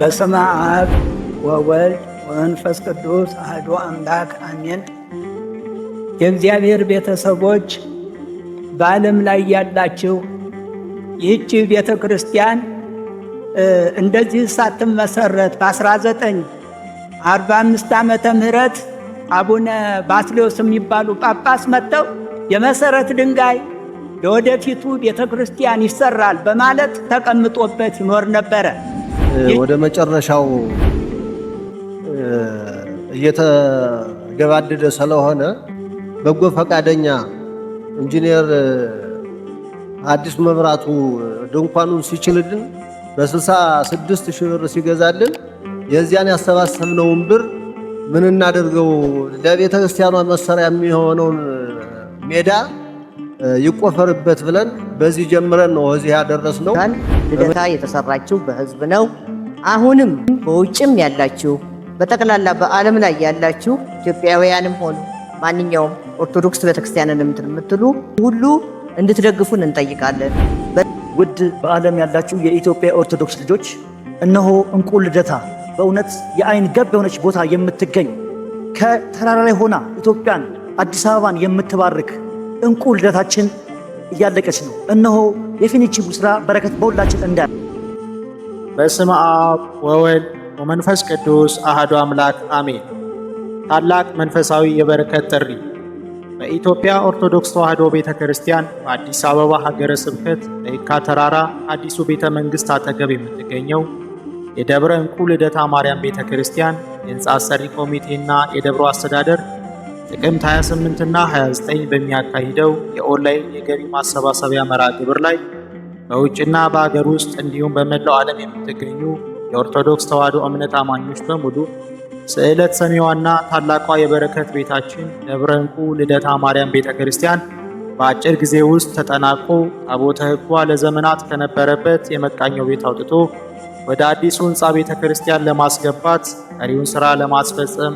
በስመ አብ ወወልድ ወመንፈስ ቅዱስ አህዶ አምላክ አሜን። የእግዚአብሔር ቤተሰቦች በዓለም ላይ ያላችሁ ይህቺ ቤተ ክርስቲያን እንደዚህ ሳትመሰረት በ1945 ዓመተ ምህረት አቡነ ባስሌዎስ የሚባሉ ጳጳስ መጥተው የመሰረት ድንጋይ ለወደፊቱ ቤተ ክርስቲያን ይሰራል በማለት ተቀምጦበት ይኖር ነበረ። ወደ መጨረሻው እየተገባደደ ስለሆነ በጎ ፈቃደኛ ኢንጂነር አዲስ መብራቱ ድንኳኑን ሲችልልን በ66 ሺህ ብር ሲገዛልን የዚያን ያሰባሰብነውን ብር ምን እናደርገው ለቤተ ክርስቲያኗ መሰሪያ የሚሆነውን ሜዳ ይቆፈርበት ብለን በዚህ ጀምረን ነው እዚህ ያደረስነው። ልደታ የተሰራችው በህዝብ ነው። አሁንም በውጭም ያላችሁ በጠቅላላ በዓለም ላይ ያላችሁ ኢትዮጵያውያንም ሆኑ ማንኛውም ኦርቶዶክስ ቤተክርስቲያንን የምትሉ ሁሉ እንድትደግፉን እንጠይቃለን። ውድ በዓለም ያላችሁ የኢትዮጵያ ኦርቶዶክስ ልጆች እነሆ እንቁ ልደታ በእውነት የአይን ገብ የሆነች ቦታ የምትገኝ ከተራራ ላይ ሆና ኢትዮጵያን አዲስ አበባን የምትባርክ እንቁ ልደታችን እያለቀች ነው። እነሆ የፊኒቺ ሥራ በረከት በሁላችን እንዳለ። በስመ አብ ወወልድ ወመንፈስ ቅዱስ አህዶ አምላክ አሜን። ታላቅ መንፈሳዊ የበረከት ጥሪ በኢትዮጵያ ኦርቶዶክስ ተዋሕዶ ቤተ ክርስቲያን በአዲስ አበባ ሀገረ ስብከት በየካ ተራራ አዲሱ ቤተ መንግሥት አጠገብ የምትገኘው የደብረ እንቁ ልደታ ማርያም ቤተ ክርስቲያን የሕንፃ አሰሪ ኮሚቴና የደብሮ አስተዳደር ጥቅምት 28 እና 29 በሚያካሂደው የኦንላይን የገቢ ማሰባሰቢያ መርሃ ግብር ላይ በውጭና በአገር ውስጥ እንዲሁም በመላው ዓለም የምትገኙ የኦርቶዶክስ ተዋሕዶ እምነት አማኞች በሙሉ ስዕለት ሰሚዋና ታላቋ የበረከት ቤታችን ደብረ ዕንቁ ልደታ ማርያም ቤተ ክርስቲያን በአጭር ጊዜ ውስጥ ተጠናቆ ታቦተ ሕጓ ለዘመናት ከነበረበት የመቃኛው ቤት አውጥቶ ወደ አዲሱ ሕንፃ ቤተ ክርስቲያን ለማስገባት ቀሪውን ሥራ ለማስፈጸም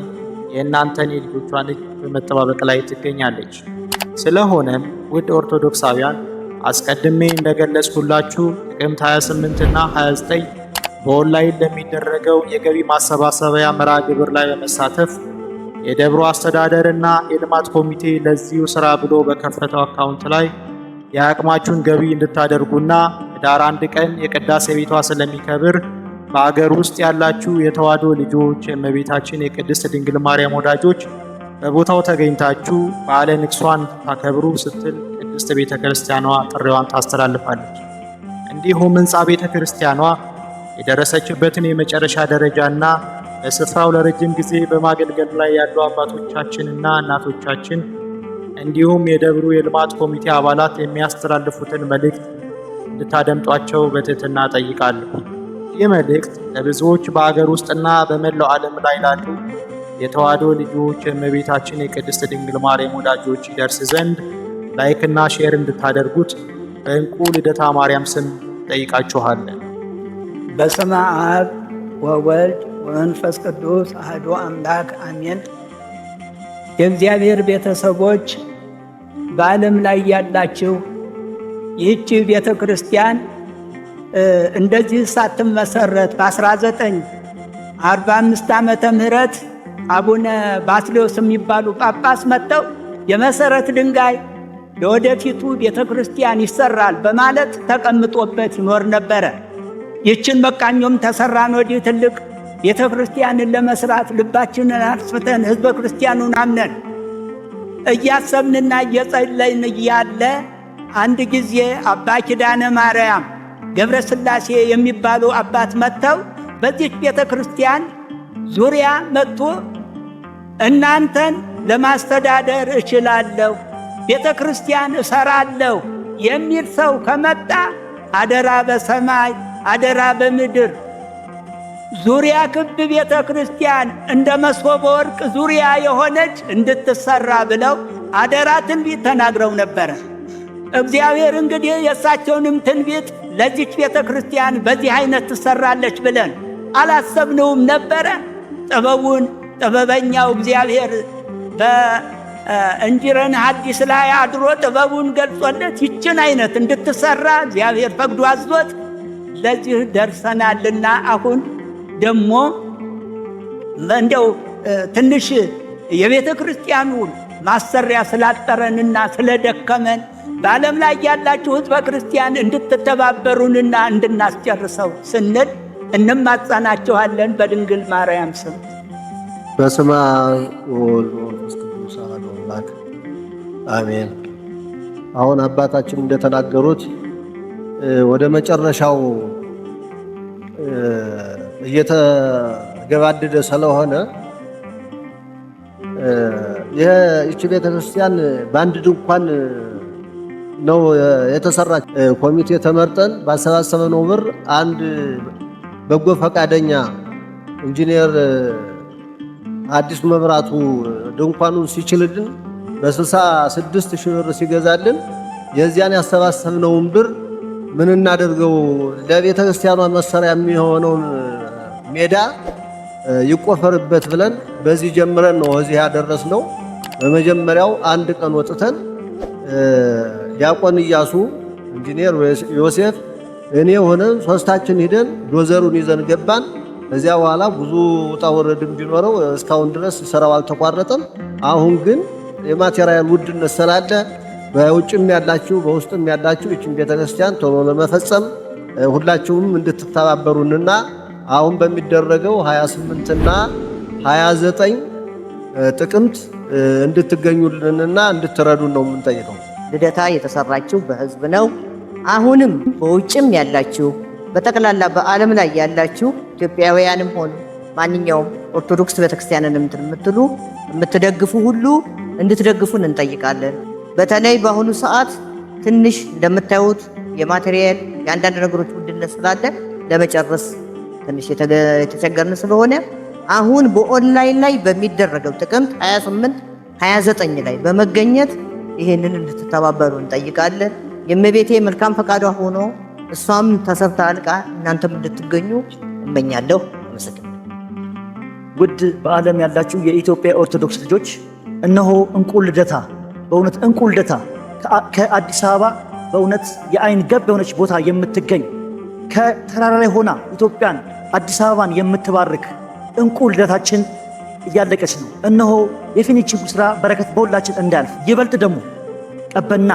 የእናንተን የልጆቿን ልጅ በመጠባበቅ ላይ ትገኛለች። ስለሆነም ውድ ኦርቶዶክሳውያን አስቀድሜ እንደገለጽኩላችሁ ጥቅምት 28ና 29 በኦንላይን ለሚደረገው የገቢ ማሰባሰቢያ መርሃ ግብር ላይ በመሳተፍ የደብሮ አስተዳደር እና የልማት ኮሚቴ ለዚሁ ስራ ብሎ በከፈተው አካውንት ላይ የአቅማችሁን ገቢ እንድታደርጉና ኅዳር አንድ ቀን የቅዳሴ ቤቷ ስለሚከብር በአገር ውስጥ ያላችሁ የተዋሕዶ ልጆች፣ የእመቤታችን የቅድስት ድንግል ማርያም ወዳጆች በቦታው ተገኝታችሁ በዓለ ንግሷን ታከብሩ ስትል ቅድስት ቤተ ክርስቲያኗ ጥሪዋን ታስተላልፋለች። እንዲሁም ሕንፃ ቤተ ክርስቲያኗ የደረሰችበትን የመጨረሻ ደረጃና በስፍራው ለረጅም ጊዜ በማገልገል ላይ ያሉ አባቶቻችንና እናቶቻችን እንዲሁም የደብሩ የልማት ኮሚቴ አባላት የሚያስተላልፉትን መልእክት እንድታደምጧቸው በትህትና ጠይቃለሁ። ይህ መልእክት ለብዙዎች በአገር ውስጥና በመላው ዓለም ላይ ላሉ የተዋሕዶ ልጆች የእመቤታችን የቅድስት ድንግል ማርያም ወዳጆች ይደርስ ዘንድ ላይክና ሼር እንድታደርጉት በእንቁ ልደታ ማርያም ስም ጠይቃችኋለን። በስመ አብ ወወልድ ወመንፈስ ቅዱስ አህዶ አምላክ አሜን። የእግዚአብሔር ቤተሰቦች በዓለም ላይ ያላችሁ ይህቺ ቤተ ክርስቲያን እንደዚህ ሳትመሰረት በ1945 ዓመተ ምህረት አቡነ ባስሌዎስ የሚባሉ ጳጳስ መጥተው የመሰረት ድንጋይ ለወደፊቱ ቤተ ክርስቲያን ይሰራል በማለት ተቀምጦበት ይኖር ነበረ። ይችን መቃኞም ተሰራን ወዲህ ትልቅ ቤተ ክርስቲያንን ለመስራት ልባችንን አስፍተን ህዝበ ክርስቲያኑን አምነን እያሰብንና እየጸለይን እያለ አንድ ጊዜ አባ ኪዳነ ማርያም ገብረ ስላሴ የሚባሉ አባት መጥተው በዚች ቤተ ክርስቲያን ዙሪያ መጥቶ እናንተን ለማስተዳደር እችላለሁ፣ ቤተ ክርስቲያን እሰራለሁ የሚል ሰው ከመጣ አደራ በሰማይ አደራ በምድር ዙሪያ ክብ ቤተ ክርስቲያን እንደ መሶበ ወርቅ ዙሪያ የሆነች እንድትሰራ ብለው አደራ ትንቢት ተናግረው ነበረ። እግዚአብሔር እንግዲህ የእሳቸውንም ትንቢት ለዚች ቤተ ክርስቲያን በዚህ አይነት ትሰራለች ብለን አላሰብነውም ነበረ። ጥበቡን ጥበበኛው እግዚአብሔር በእንጅረን ሐዲስ ላይ አድሮ ጥበቡን ገልጾለት ይችን አይነት እንድትሰራ እግዚአብሔር ፈቅዶ አዞት ለዚህ ደርሰናልና አሁን ደግሞ እንደው ትንሽ የቤተ ክርስቲያኑ ማሰሪያ ስላጠረንና ስለደከመን በዓለም ላይ ያላችሁ ሕዝበ ክርስቲያን እንድትተባበሩንና እንድናስጨርሰው ስንል እንማጸናችኋለን በድንግል ማርያም ስም። በስመ አብ ወወልድ ወመንፈስ ቅዱስ አሐዱ አምላክ አሜን። አሁን አባታችን እንደተናገሩት ወደ መጨረሻው እየተገባደደ ስለሆነ ይህቺ ቤተክርስቲያን በአንድ ድንኳን ነው የተሰራች። ኮሚቴ ተመርጠን ባሰባሰበነው ብር አንድ በጎ ፈቃደኛ ኢንጂነር አዲስ መብራቱ ድንኳኑን ሲችልልን በ66 ሺህ ብር ሲገዛልን የዚያን ያሰባሰብነውን ብር ምን እናደርገው ለቤተ ክርስቲያኗ መሰሪያ የሚሆነውን ሜዳ ይቆፈርበት ብለን በዚህ ጀምረን ነው እዚህ ያደረስነው። በመጀመሪያው አንድ ቀን ወጥተን ዲያቆን እያሱ፣ ኢንጂነር ዮሴፍ፣ እኔ ሆነን ሶስታችን ሂደን ዶዘሩን ይዘን ገባን። ከዚያ በኋላ ብዙ ውጣ ውረድም ቢኖረው እስካሁን ድረስ ስራው አልተቋረጠም። አሁን ግን የማቴሪያል ውድነት ስላለ በውጭም ያላችሁ በውስጥም ያላችሁ ይችን ቤተክርስቲያን ቶሎ ለመፈጸም ሁላችሁም እንድትተባበሩንና አሁን በሚደረገው 28 እና 29 ጥቅምት እንድትገኙልንና እንድትረዱን ነው የምንጠይቀው። ልደታ የተሰራችው በህዝብ ነው። አሁንም በውጭም ያላችሁ በጠቅላላ በዓለም ላይ ያላችሁ ኢትዮጵያውያንም ሆኑ ማንኛውም ኦርቶዶክስ ቤተክርስቲያንን የምትሉ የምትደግፉ ሁሉ እንድትደግፉን እንጠይቃለን። በተለይ በአሁኑ ሰዓት ትንሽ እንደምታዩት የማቴሪያል የአንዳንድ ነገሮች ውድነት ስላለ ለመጨረስ ትንሽ የተቸገርን ስለሆነ አሁን በኦንላይን ላይ በሚደረገው ጥቅምት 28 29 ላይ በመገኘት ይህንን እንድትተባበሩ እንጠይቃለን። የእመቤቴ መልካም ፈቃዷ ሆኖ እሷም ተሰብታ አልቃ እናንተም እንድትገኙ እመኛለሁ። አመሰግናለሁ። ውድ በዓለም ያላችሁ የኢትዮጵያ ኦርቶዶክስ ልጆች እነሆ እንቁ ልደታ፣ በእውነት እንቁ ልደታ ከአዲስ አበባ በእውነት የአይን ገብ የሆነች ቦታ የምትገኝ ከተራራ ላይ ሆና ኢትዮጵያን አዲስ አበባን የምትባርክ እንቁ ልደታችን እያለቀች ነው። እነሆ የፊኒቺንጉ ስራ በረከት በሁላችን እንዳያልፍ ይበልጥ ደግሞ ቀበና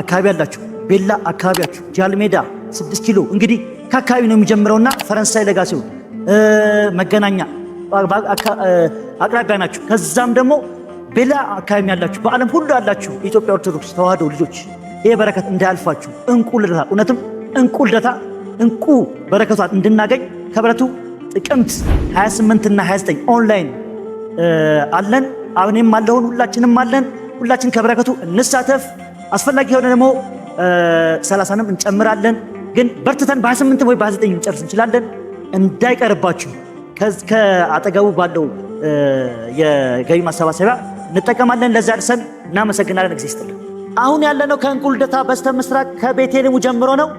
አካባቢ ያላችሁ ቤላ አካባቢያችሁ ጃልሜዳ ስድስት ኪሎ እንግዲህ ከአካባቢ ነው የሚጀምረውና ፈረንሳይ ለጋ ሲሆን መገናኛ አቅራቢያ ናችሁ። ከዛም ደግሞ ቤላ አካባቢ ያላችሁ በዓለም ሁሉ ያላችሁ የኢትዮጵያ ኦርቶዶክስ ተዋህዶ ልጆች ይህ በረከት እንዳያልፋችሁ እንቁ ልደታ እውነትም እንቁ ልደታ እንቁ በረከቷን እንድናገኝ ከብረቱ ጥቅምት 28 እና 29 ኦንላይን አለን። አብኔም አለሁን፣ ሁላችንም አለን። ሁላችን ከበረከቱ እንሳተፍ። አስፈላጊ የሆነ ደግሞ 30ንም እንጨምራለን። ግን በርትተን በ28 ወይ በ29 እንጨርስ እንችላለን። እንዳይቀርባችሁ ከአጠገቡ ባለው የገቢ ማሰባሰቢያ እንጠቀማለን። ለዛ ደርሰን እናመሰግናለን። ጊዜ ይስጥልን። አሁን ያለነው ከእንቁልደታ በስተ ምስራቅ ከቤቴልሙ ጀምሮ ነው።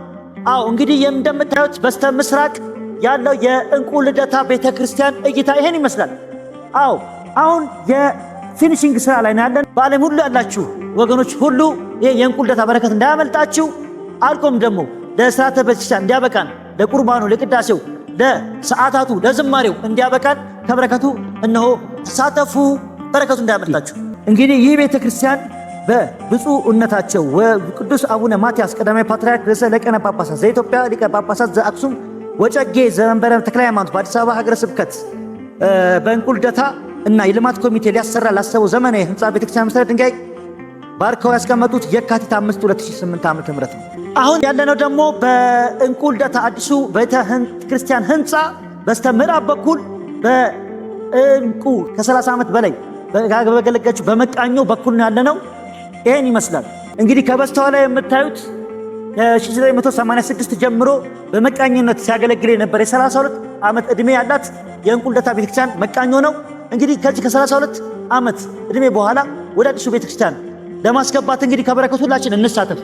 አዎ እንግዲህ እንደምታዩት በስተ ምስራቅ ያለው የእንቁ ልደታ ቤተ ክርስቲያን እይታ ይሄን ይመስላል። አዎ አሁን የፊኒሽንግ ስራ ላይ ያለን በዓለም ሁሉ ያላችሁ ወገኖች ሁሉ ይሄ የእንቁ ልደታ በረከት እንዳያመልጣችሁ። አልቆም ደግሞ ለስርዓተ ቤተክርስቲያን እንዲያበቃን፣ ለቁርባኑ፣ ለቅዳሴው፣ ለሰዓታቱ፣ ለዝማሬው እንዲያበቃን ከበረከቱ እነሆ ተሳተፉ። በረከቱ እንዳያመልጣችሁ። እንግዲህ ይህ ቤተ ክርስቲያን በብፁዕነታቸው ቅዱስ አቡነ ማትያስ ቀዳማዊ ፓትርያርክ ርዕሰ ሊቃነ ጳጳሳት ዘኢትዮጵያ ሊቀ ጳጳሳት ዘአክሱም ወጨጌ ዘመንበረ ተክለ ሃይማኖት በአዲስ አበባ ሀገረ ስብከት በእንቁልደታ እና የልማት ኮሚቴ ሊያሰራ ላሰበው ዘመናዊ ህንፃ ቤተክርስቲያን መሰረት ድንጋይ ባርከው ያስቀመጡት የካቲት 5 2008 ም ነው። አሁን ያለነው ደግሞ በእንቁልደታ አዲሱ ቤተ ክርስቲያን ህንፃ በስተ ምዕራብ በኩል በእንቁ ከ30 ዓመት በላይ በገለገለችው በመቃኞ በኩል ነው ያለነው። ይህን ይመስላል እንግዲህ ከበስተኋላ የምታዩት ከ986 ጀምሮ በመቃኝነት ሲያገለግል የነበር የ32 ዓመት ዕድሜ ያላት የእንቁልደታ ቤተክርስቲያን መቃኞ ነው። እንግዲህ ከዚህ ከ32 ዓመት ዕድሜ በኋላ ወደ አዲሱ ቤተክርስቲያን ለማስገባት እንግዲህ ከበረከቱ ሁላችን እንሳተፍ።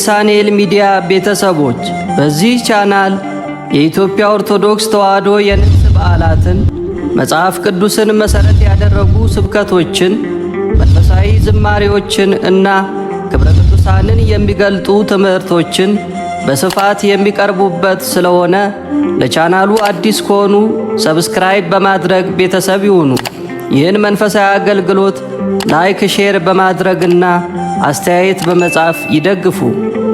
የሳንኤል ሚዲያ ቤተሰቦች በዚህ ቻናል የኢትዮጵያ ኦርቶዶክስ ተዋሕዶ የንስ በዓላትን፣ መጽሐፍ ቅዱስን መሠረት ያደረጉ ስብከቶችን፣ መንፈሳዊ ዝማሬዎችን እና ክብረ ቅዱሳንን የሚገልጡ ትምህርቶችን በስፋት የሚቀርቡበት ስለሆነ ለቻናሉ አዲስ ከሆኑ ሰብስክራይብ በማድረግ ቤተሰብ ይሁኑ። ይህን መንፈሳዊ አገልግሎት ላይክ፣ ሼር በማድረግና አስተያየት በመጻፍ ይደግፉ።